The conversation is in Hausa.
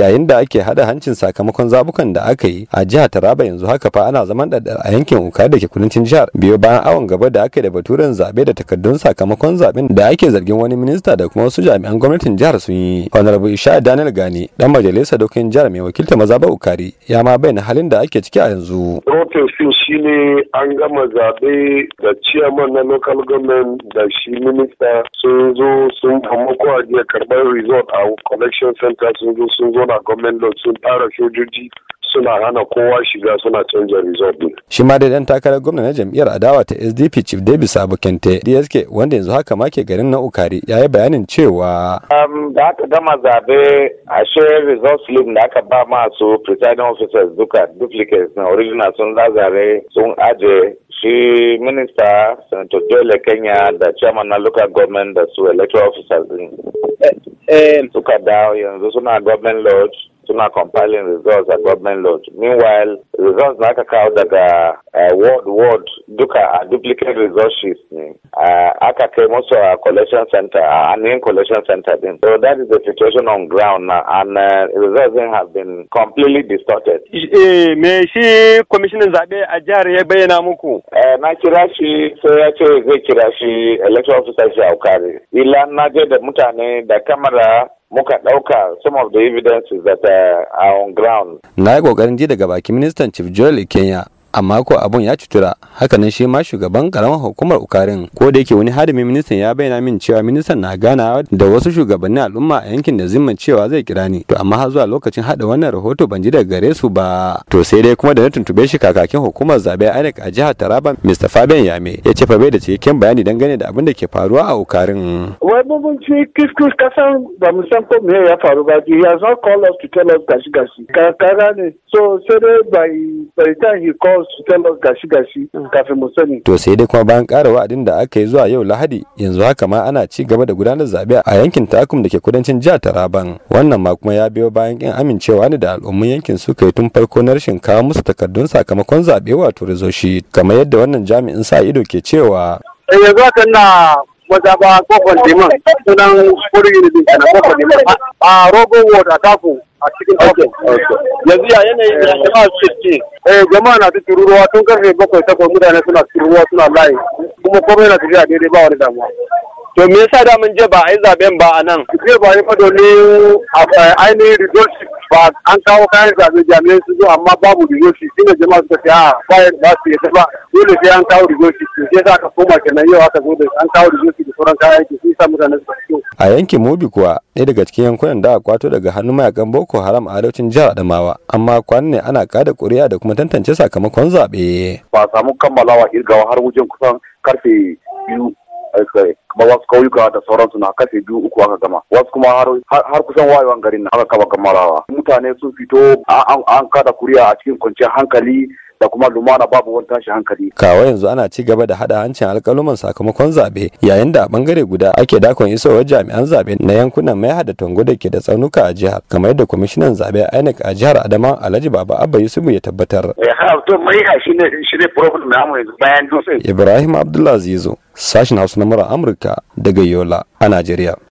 yayin da ake hada hancin sakamakon zabukan da aka yi a jihar Taraba yanzu haka fa ana zaman da a yankin Uka da ke kudancin jihar biyo bayan awon gaba da aka yi da baturen zabe da takardun sakamakon zaben da ake zargin wani minista da kuma wasu jami'an gwamnatin jihar sun yi Honorable Isha Daniel Gani dan majalisar dokin jihar mai wakilta mazaba Ukari ya ma bayyana halin da ake ciki a yanzu. Protestin shine an gama zaɓe da chairman na local government da shi minista sun zo sun hamu ko karɓar resort a collection center sun zo sun zo zauna gwamnan lord sun fara sojoji suna hana kowa shiga suna canza result din. Shi ma dai dan takarar gwamna na jam'iyyar adawa ta SDP Chief sabo kente DSK wanda yanzu haka ma ke garin na Ukari ya yi bayanin cewa. da aka gama zabe ashe result slip da aka ba masu presiding officers duka duplicates na original sun lazare sun aje shi minista senator dole kenya da chairman na local government da su electoral officers din and, and to Cadalia. Those are not government lodge suna compiling results a government load. Meanwhile, results na aka kawo daga word word duka a uh, duplicate result sheets ne. Aka kai musu a collection center, uh, a annual collection center Then, So that is the situation on ground now and uh, results din have been completely distorted. Eh, eh me shi kwamishinan zaɓe a jihar ya muku? Eh, na kira shi sai ya ce zai kira shi election officer shi a Ila na je da mutane da kamara muka ɗauka some of the evidences that uh, are on ground. Na yi ƙoƙarin ji daga bakin ministan Chief Joel Ikenya amma ko abun ya cutura hakanan shi ma shugaban karamar hukumar ukarin ko da yake wani hadimin ministan ya bayyana min cewa ministan na ganawa da wasu shugabannin al'umma a yankin da zimma cewa zai kira ni to amma har zuwa lokacin hada wannan rahoto ban ji daga gare su ba to sai dai kuma da na tuntube shi kakakin hukumar zabe INEC a jihar Taraba Mr Fabian Yame ya ce fa bai da cikakken bayani dangane da abin da ke faruwa a ukarin wai mun ci kiskus kasan ba mu san ko me ya faru ba he has not called us to tell us gashi gashi ka ne so sai dai bai by the time he calls to tell us gashi gashi kafin mu sani. To sai dai kuma bayan ƙara wa'adin da aka yi zuwa yau Lahadi yanzu haka ma ana ci gaba da gudanar zaɓe a yankin Takum da ke kudancin jihar Taraban. Wannan ma kuma ya biyo bayan kin amincewa ne da al'ummar yankin suka yi tun farko na rashin kawo musu takardun sakamakon zaɓe wato rizoshi kamar yadda wannan jami'in sa ido ke cewa. Eh, yanzu haka mazaba kofar liman sunan kurgin da ke na kofar liman a rogo ward a tafu a cikin tafu yanzu ya yanayi da eh, jama'a su ce eh jama'a na ta tururuwa tun karfe bakwai takwas mutane suna tururuwa suna layi kuma komai na tafiya daidai ba wani damuwa To me yasa da mun je ba a yi zaben ba a nan? Zai ba yi fa domin ainihin resources ba an kawo kayan zaɓe jami'ai su zo amma babu rigoshi shine jama'a suka ce a ah, bayan ba su yadda ba dole sai an kawo rigoshi to sai ka koma kenan yau aka zo da an kawo rigoshi da sauran kayan aiki sun sa mutane suka fito. a yankin mobi kuwa ɗaya daga cikin yankunan da aka kwato daga hannun mayakan boko haram a arewacin jihar adamawa amma kwanan ne ana kada ƙuri'a da kuma tantance sakamakon zaɓe. ba samu kammalawa irgawa har wajen kusan karfe biyu tsare kuma wasu kauyuka da sauransu na kashe biyu uku aka gama wasu kuma har kusan wayewan garin na aka kaba kamarawa mutane sun fito an kada kuriya a cikin kwanciyar hankali da kuma lumana babu wani tashi hankali. Kawo yanzu ana ci gaba da haɗa hancin alkaluman sakamakon zaɓe yayin da a ɓangare guda ake dakon isowar jami'an zaɓe na yankunan mai hada tango da ke da tsaunuka a jihar kamar yadda kwamishinan zaɓe INEC a jihar Adama Alhaji Baba Abba Yusufu ya tabbatar. Eh, Ibrahim Abdullah Zizo sashin Hausa na Amurka daga Yola a Najeriya.